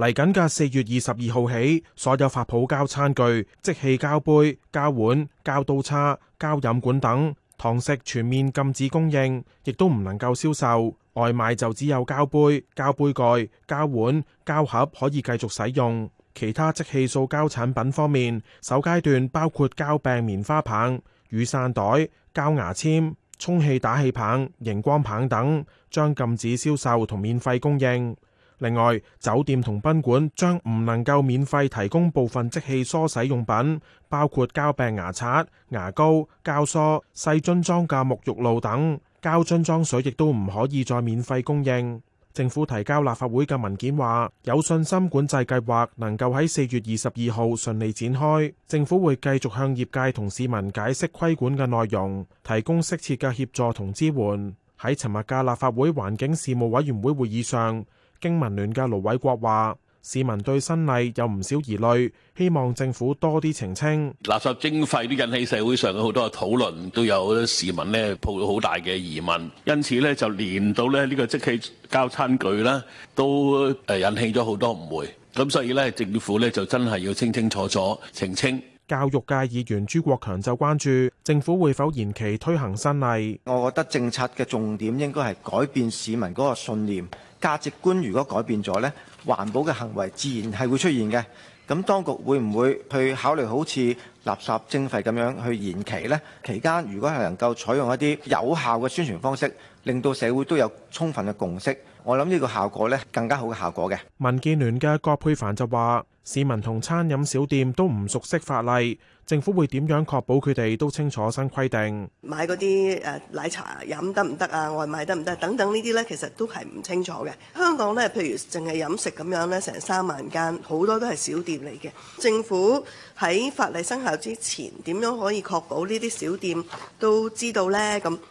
嚟緊嘅四月二十二號起，所有發泡膠餐具、即棄膠杯、膠碗、膠刀叉、膠飲管等，堂食全面禁止供應，亦都唔能夠銷售。外賣就只有膠杯、膠杯蓋、膠碗、膠盒可以繼續使用。其他即棄塑膠產品方面，首階段包括膠柄棉花棒、雨傘袋、膠牙籤、充氣打氣棒、熒光棒等，將禁止銷售同免費供應。另外，酒店同賓館將唔能夠免費提供部分即棄梳洗用品，包括膠柄牙刷、牙膏、膠梳、細樽裝嘅沐浴露等。膠樽裝水亦都唔可以再免費供應。政府提交立法會嘅文件話有信心管制計劃能夠喺四月二十二號順利展開，政府會繼續向業界同市民解釋規管嘅內容，提供適切嘅協助同支援。喺尋日嘅立法會環境事務委員會會議上，經民聯嘅盧偉國話：市民對新例有唔少疑慮，希望政府多啲澄清。垃圾徵費都引起社會上嘅好多嘅討論，都有好多市民呢抱咗好大嘅疑問，因此呢，就連到呢呢個即棄膠餐具啦，都誒引起咗好多誤會。咁所以呢，政府呢就真係要清清楚楚澄清。教育界議員朱國強就關注政府會否延期推行新例。我覺得政策嘅重點應該係改變市民嗰個信念。價值觀如果改變咗呢，環保嘅行為自然係會出現嘅。咁當局會唔會去考慮好似垃圾徵費咁樣去延期呢？期間如果係能夠採用一啲有效嘅宣傳方式，令到社會都有充分嘅共識。我諗呢個效果呢，更加好嘅效果嘅。民建聯嘅葛佩帆就話：市民同餐飲小店都唔熟悉法例，政府會點樣確保佢哋都清楚新規定？買嗰啲誒奶茶飲得唔得啊？外賣得唔得？等等呢啲呢，其實都係唔清楚嘅。香港呢，譬如淨係飲食咁樣呢，成三萬間，好多都係小店嚟嘅。政府喺法例生效之前，點樣可以確保呢啲小店都知道呢。咁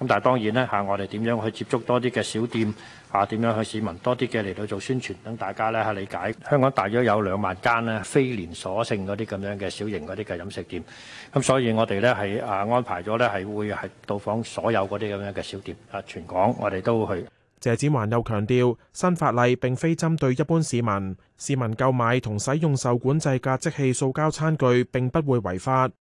咁但係當然咧嚇，我哋點樣去接觸多啲嘅小店嚇？啊、點樣去市民多啲嘅嚟到做宣傳，等大家咧嚇理解。香港大約有兩萬間咧非連鎖性嗰啲咁樣嘅小型嗰啲嘅飲食店。咁、啊、所以我哋呢係啊安排咗呢係會係到訪所有嗰啲咁樣嘅小店啊，全港我哋都會去。謝展寰又強調，新法例並非針對一般市民，市民購買同使用受管制嘅即棄塑膠餐具並不會違法。